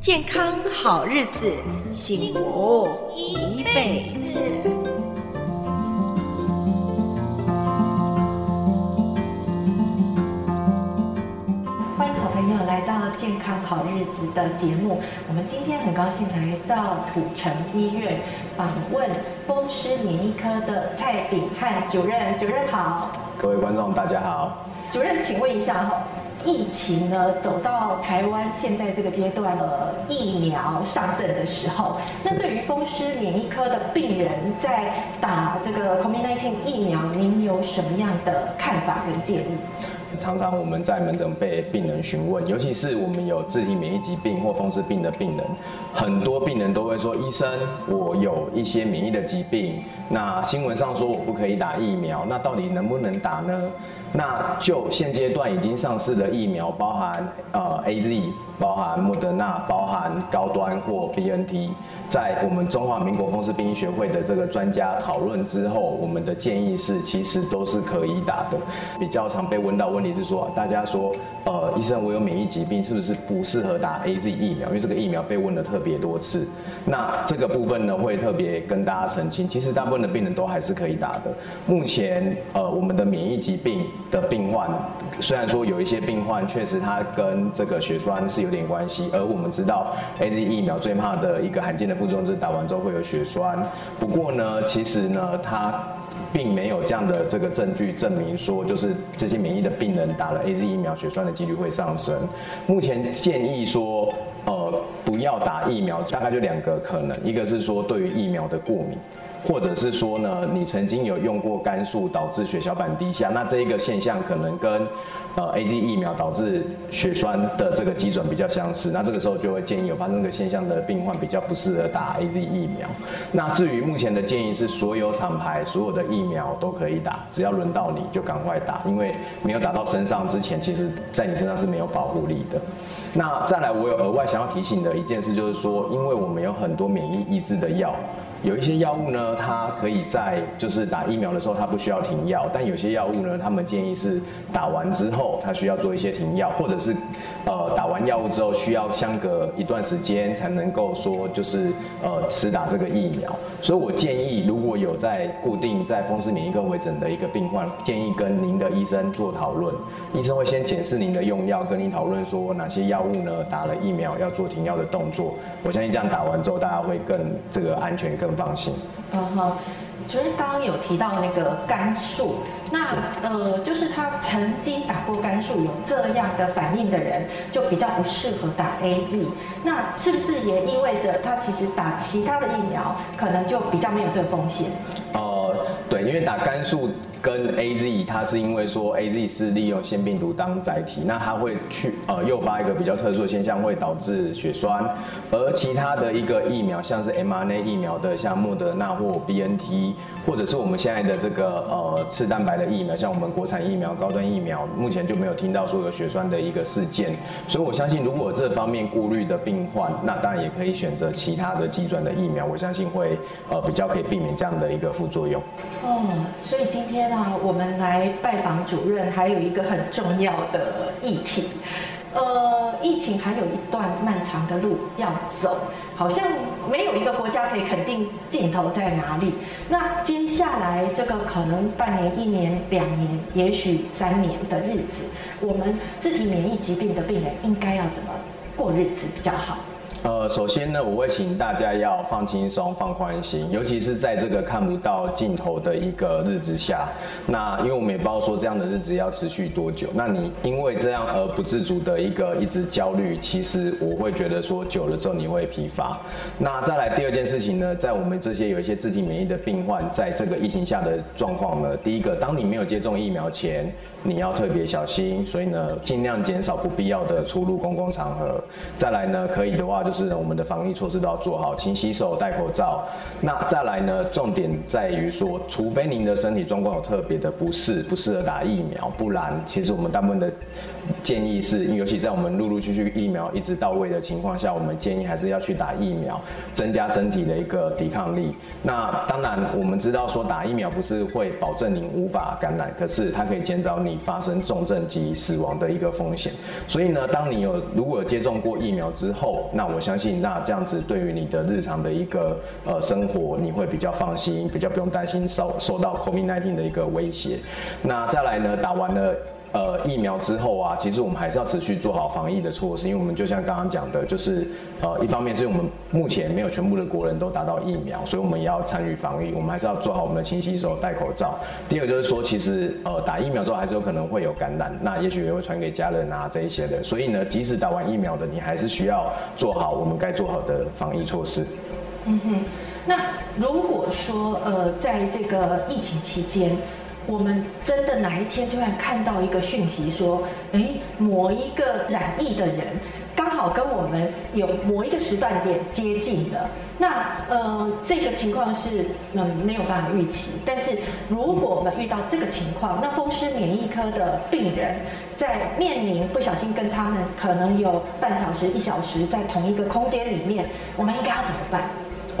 健康好日子，幸福一輩子。歡迎好朋友來到《健康好日子》的節目。我們今天很高興來到土城醫院，訪問風濕免疫科的蔡秉翰主任。主任好。各位觀眾，大家好。主任，請問一下疫情呢，走到台灣現在這個階段了，疫苗上陣的時候，那是對於風濕免疫科的病人在打這個 COVID-19 疫苗，您有什麼樣的看法跟建議？常常我們在門診被病人詢問，尤其是我們有自體免疫疾病或風濕病的病人，很多病人都會說：“醫生，我有一些免疫的疾病，那新聞上說我不可以打疫苗，那到底能不能打呢？”那就現階段已經上市的疫苗，包含呃 A Z，包含莫德納，包含高端或 B N T，在我們中華民國風濕病醫學會的這個專家討論之後，我們的建議是其實都是可以打的。比較常被問到問題是說，大家說呃醫生我有免疫疾病是不是不適合打 A Z 疫苗？因為這個疫苗被問了特別多次。那這個部分呢會特別跟大家澄清，其實大部分的病人都還是可以打的。目前呃我們的免疫疾病。的病患，雖然說有一些病患確實他跟這個血栓是有點關係，而我們知道 AZ 疫苗最怕的一個罕見的副作用是打完之後會有血栓。不過呢，其實呢，它並沒有這樣的這個證據證明說，就是這些免疫的病人打了 AZ 疫苗，血栓的幾率會上升。目前建議說，呃，不要打疫苗，大概就兩個可能，一個是說對於疫苗的過敏。或者是說呢，你曾經有用過肝素導致血小板低下，那這一個現象可能跟呃 AZ 疫苗導致血栓的這個基準比較相似，那這個時候就會建議有發生這個現象的病患比較不適合打 AZ 疫苗。那至於目前的建議是，所有廠牌所有的疫苗都可以打，只要輪到你就趕快打，因為沒有打到身上之前，其實在你身上是沒有保護力的。那再來，我有額外想要提醒的一件事就是說，因為我們有很多免疫抑制的藥。有一些藥物呢，它可以在就是打疫苗的時候，它不需要停藥；但有些藥物呢，他們建議是打完之後，它需要做一些停藥，或者是，呃，打完藥物之後需要相隔一段時間才能夠說就是呃，施打這個疫苗。所以我建議，如果有在固定在風濕免疫科門診的一個病患，建議跟您的醫生做討論。醫生會先檢視您的用藥，跟您討論說哪些藥物呢，打了疫苗要做停藥的動作。我相信這樣打完之後，大家會更這個安全更。有風險。嗯，昨天剛剛有提到那個肝素，那是呃，就是他曾經打過肝素，有這樣的反應的人，就比較不適合打 AZ。那是不是也意味着他其實打其他的疫苗，可能就比較沒有這個風險？對，因為打肝素跟 A Z，它是因為說 A Z 是利用腺病毒當載體，那它會去呃誘發一個比較特殊的現象，會導致血栓。而其他的一個疫苗，像是 mRNA 疫苗的，像莫德納或 B N T，或者是我們現在的這個呃次蛋白的疫苗，像我們國產疫苗、高端疫苗，目前就沒有聽到說有血栓的一個事件。所以，我相信如果這方面顧慮的病患，那當然也可以選擇其他的機轉的疫苗，我相信會呃比較可以避免這樣的一個副作用。哦、嗯，所以今天呢、啊，我們來拜訪主任，還有一個很重要的議題，呃，疫情還有一段漫長的路要走，好像沒有一個國家可以肯定盡頭在哪裡。那接下來這個可能半年、一年、兩年，也許三年的日子，我們自體免疫疾病的病人應該要怎麼過日子比較好？呃，首先呢，我會請大家要放輕鬆、放寬心，尤其是在這個看不到盡頭的一個日子下。那因為我們也不知道說這樣的日子要持續多久，那你因為這樣而不自主的一個一直焦慮，其實我會覺得說久了之後你會疲乏。那再來第二件事情呢，在我們這些有一些自體免疫的病患在這個疫情下的狀況呢，第一個，當你沒有接種疫苗前，你要特別小心，所以呢，盡量減少不必要的出入公共場合。再來呢，可以的話就。是我們的防疫措施都要做好，勤洗手、戴口罩。那再來呢，重點在於說，除非您的身體狀況有特別的不適，不適合打疫苗，不然其實我們大部分的建議是，尤其在我們陸陸續續疫苗一直到位的情況下，我們建議還是要去打疫苗，增加身體的一個抵抗力。那當然我們知道說打疫苗不是會保證您無法感染，可是它可以減少你發生重症及死亡的一個風險。所以呢，當你有如果有接種過疫苗之後，那我。我相信，那這樣子對於你的日常的一個呃生活，你會比較放心，比較不用擔心受受到 COVID-19 的一個威脅。那再來呢，打完了。呃，疫苗之後啊，其實我們還是要持續做好防疫的措施，因為我們就像剛剛講的，就是呃，一方面是我們目前沒有全部的國人都達到疫苗，所以我們也要參與防疫，我們還是要做好我們的勤洗手、戴口罩。第二就是說，其實呃，打疫苗之後還是有可能會有感染，那也許也會傳給家人啊這一些的，所以呢，即使打完疫苗的，你還是需要做好我們該做好的防疫措施。嗯哼，那如果說呃，在這個疫情期間，我們真的哪一天突然看到一個訊息說，哎，某一個染疫的人剛好跟我們有某一個時段點接近了，那呃，這個情況是嗯、呃、沒有辦法預期。但是如果我們遇到這個情況，那風濕免疫科的病人在面臨不小心跟他們可能有半小時一小時在同一個空間裡面，我們應該要怎麼辦？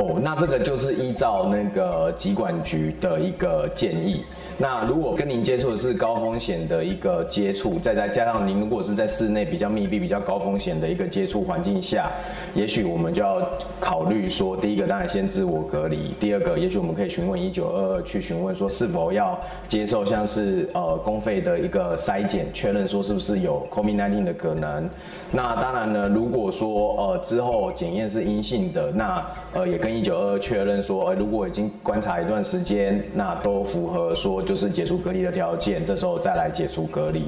哦，oh, 那這個就是依照那個疾管局的一個建議。那如果跟您接觸的是高風險的一個接觸，再再加上您如果是在室內比較密閉、比較高風險的一個接觸環境下，也許我們就要考慮說，第一個當然先自我隔離；第二個，也許我們可以詢問一九二二去詢問說是否要接受像是呃公費的一個篩檢，確認說是不是有 COVID-19 的可能。那當然呢，如果說呃之後檢驗是陰性的，那呃也跟一九二二確認說，如果已經觀察一段時間，那都符合說就是解除隔離的條件，這時候再來解除隔離。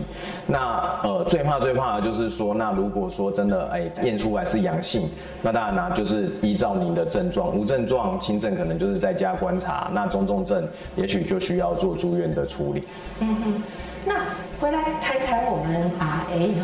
那呃，最怕最怕的就是說，那，如果說真的哎驗出來是陽性，那當然呢就是依照您的症狀，無症狀輕症可能就是在家觀察，那中重症也許就需要做住院的處理。嗯哼，那回來談談我們啊，哎你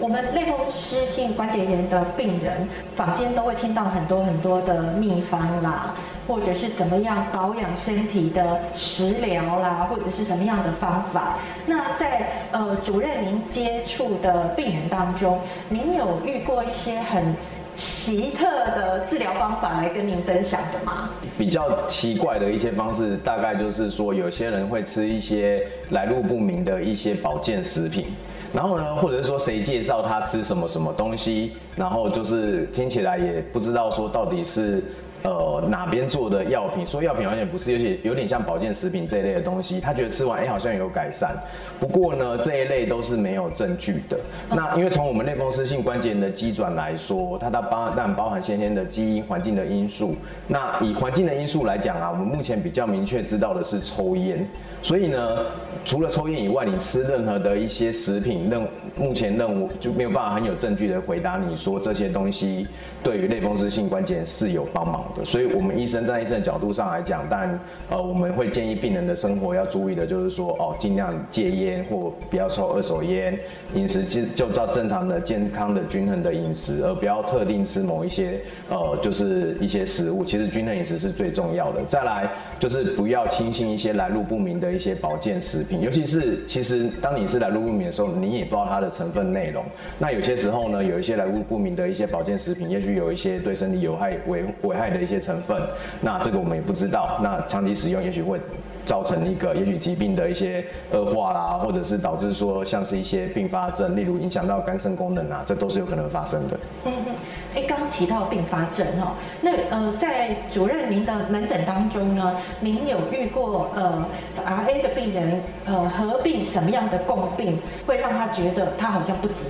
我們類風濕性關節炎的病人，坊間都會聽到很多很多的秘方啦，或者是怎麼樣保養身體的食療啦，或者是什麼樣的方法。那在呃主任您接觸的病人當中，您有遇過一些很奇特的治療方法來跟您分享的嗎？比較奇怪的一些方式，大概就是說有些人會吃一些來路不明的一些保健食品。然後呢，或者是說誰介紹他吃什麼什麼東西，然後就是聽起來也不知道說到底是，呃，哪邊做的藥品？說藥品好像也不是，有些有點像保健食品這一類的東西。他覺得吃完，哎、欸，好像有改善。不過呢，這一類都是沒有證據的。那因為從我們類風濕性關節炎的機轉來說，它它包，但包含先天的基因環境的因素，那以環境的因素來講啊，我們目前比較明確知道的是抽菸。所以呢，除了抽菸以外，你吃任何的一些食品，任，目前認為就沒有辦法很有證據的回答你說這些東西對於類風濕性關節炎是有幫忙的。所以，我們醫生站在醫生的角度上來講，但呃，我們會建議病人的生活要注意的就是說，哦，儘量戒菸或不要抽二手菸，飲食就就照正常的、健康的、均衡的飲食，而不要特定吃某一些呃，就是一些食物。其實均衡飲食是最重要的。再來就是不要輕信一些來路不明的一些保健食品，尤其是其實當你是來路不明的時候，你也不知道它的成分內容。那有些時候呢，有一些來路不明的一些保健食品，也許有一些對身體有害危危害的。一些成分，那這個我們也不知道。那長期使用，也許會造成一個，也許疾病的一些惡化啦，或者是導致說像是一些併發症，例如影響到肝腎功能啊，這都是有可能發生的。嗯哼，哎，剛提到併發症哦，那呃，在主任您的門診當中呢，您有遇過呃，RA 的病人呃合併什麼樣的共病，會讓他覺得他好像不止？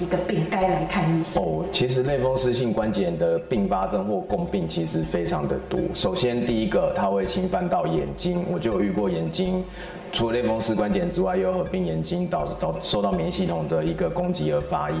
一個病該來看醫生哦。Oh, 其實類風濕性關節炎的併發症或共病其實非常的多。首先第一個，它會侵犯到眼睛，我就有遇過眼睛。除了類風濕關節炎之外，又有合併眼睛導致導受到免疫系統的一個攻擊而發炎。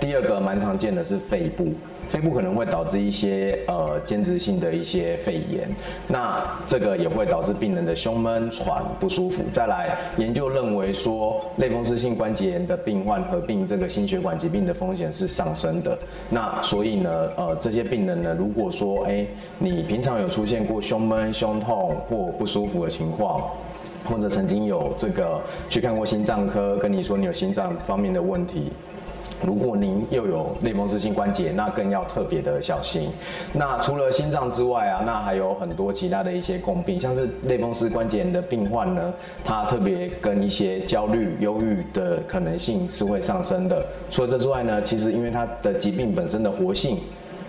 第二個蠻常見的是肺部，肺部可能會導致一些呃間質性的一些肺炎，那這個也會導致病人的胸悶、喘不舒服。再來，研究認為說類風濕性關節炎的病患合併這個心血管疾病的風險是上升的。那所以呢，呃，這些病人呢，如果說哎、欸，你平常有出現過胸悶、胸痛或不舒服的情況。或者曾經有這個去看過心臟科，跟你說你有心臟方面的問題。如果您又有類風濕性關節，那更要特別的小心。那除了心臟之外啊，那還有很多其他的一些共病，像是類風濕關節炎的病患呢，他特別跟一些焦慮、憂鬱的可能性是會上升的。除了這之外呢，其實因為他的疾病本身的活性，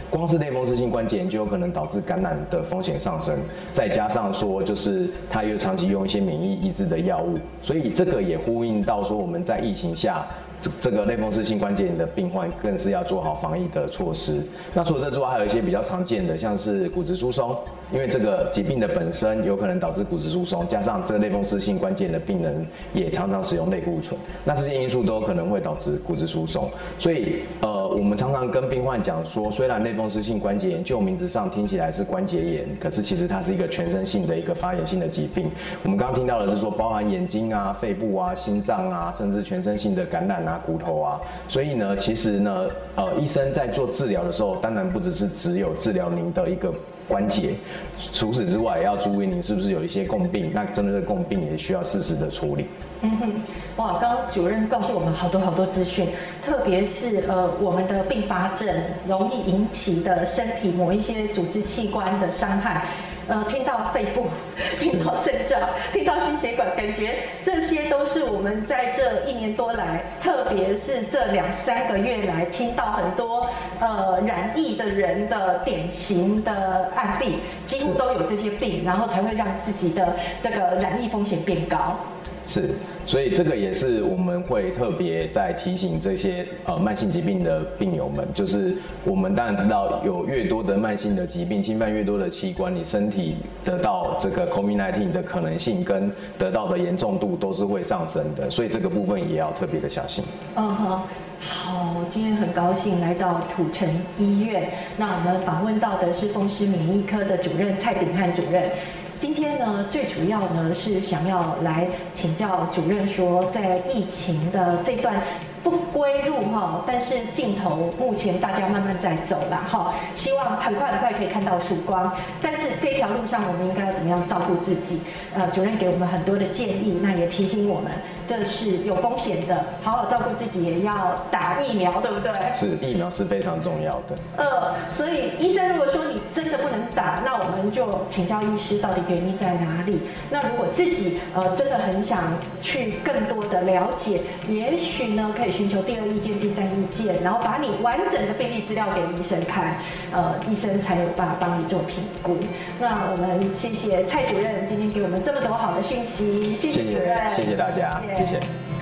光是類風濕性關節炎就有可能導致感染的風險上升，再加上說，就是他又長期用一些免疫抑制的藥物，所以這個也呼應到說，我們在疫情下，這這個類風濕性關節炎的病患更是要做好防疫的措施。那除了這之外，還有一些比較常見的，像是骨質疏鬆，因為這個疾病的本身有可能導致骨質疏鬆，加上這類風濕性關節炎的病人也常常使用類固醇，那這些因素都有可能會導致骨質疏鬆，所以呃。我們常常跟病患講說，雖然類風濕性關節炎就名字上聽起來是關節炎，可是其實它是一個全身性的一個發炎性的疾病。我們剛剛聽到的是說，包含眼睛啊、肺部啊、心臟啊，甚至全身性的感染啊、骨頭啊。所以呢，其實呢，呃，醫生在做治療的時候，當然不只是只有治療您的一個。關節，除此之外，要注意您是不是有一些共病。那真的是共病，也需要適時的處理。嗯哼，哇，剛主任告訴我們好多好多資訊，特別是呃，我們的併發症容易引起的身體某一些組織器官的傷害。呃，聽到肺部，聽到腎臟，的聽到心血管，感覺這些都是我們在這一年多來，特別是這兩三個月來聽到很多呃染疫的人的典型的案例，幾乎都有這些病，然後才會讓自己的這個染疫風險變高。是，所以這個也是我們會特別在提醒這些呃慢性疾病的病友們，就是我們當然知道有越多的慢性的疾病侵犯越多的器官，你身體得到這個 COVID-19 的可能性跟得到的嚴重度都是會上升的，所以這個部分也要特別的小心。嗯好、哦，好，今天很高興來到土城醫院，那我們訪問到的是風濕免疫科的主任蔡秉翰主任。今天呢，最主要呢是想要來請教主任說，說在疫情的這段不歸路哈，但是盡頭目前大家慢慢在走了哈，希望很快很快可以看到曙光。但是這條路上，我們應該要怎麼樣照顧自己？呃，主任給我們很多的建議，那也提醒我們。這是有風險的，好好照顧自己，也要打疫苗，對不對？是，疫苗是非常重要的。呃，所以醫生如果說你真的不能打，那我們就請教醫師到底原因在哪裡。那如果自己呃真的很想去更多的了解，也許呢可以尋求第二意見、第三意見，然後把你完整的病歷資料給醫生看，呃，醫生才有辦法幫你做評估。那我們謝謝蔡主任今天給我們這麼多好的訊息，謝謝主任謝謝，謝謝大家。謝謝。